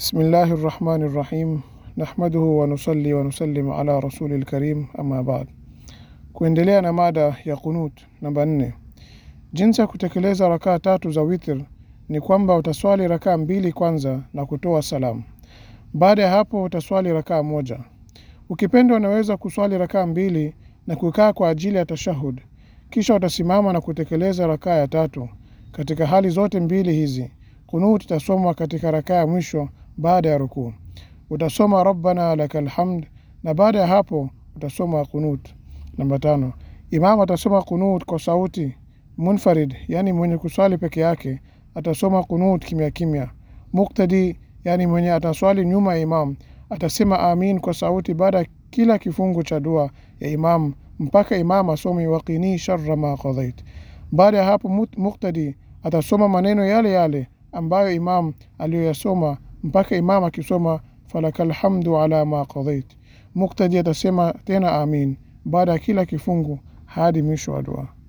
Bismillahi rahmani rahim, nahmaduhu wa nusalli wa ala rasuli lkarim, amma baad. Kuendelea na mada ya kunut namba nne. Jinsi ya kutekeleza rakaa tatu za witr ni kwamba utaswali rakaa mbili kwanza na kutoa salamu. Baada ya hapo utaswali rakaa moja. Ukipenda unaweza kuswali rakaa mbili na kukaa kwa ajili ya tashahud, kisha utasimama na kutekeleza rakaa ya tatu. Katika hali zote mbili hizi kunut itasomwa katika rakaa ya mwisho baada ya rukuu utasoma rabbana lakal hamd na baada ya hapo utasoma kunut namba tano imam atasoma kunut kwa sauti munfarid yani mwenye kuswali peke yake atasoma kunut kimya kimya muktadi yani mwenye ataswali nyuma ya imam atasema amin kwa sauti baada ya kila kifungu cha dua ya imam mpaka imam asome waqini sharra ma qadait baada ya hapo muktadi atasoma maneno yale yale ambayo imam aliyoyasoma mpaka imam akisoma falakalhamdu ala ma qadait. Muktadi atasema tena amin baada ya kila kifungu hadi mwisho wa dua.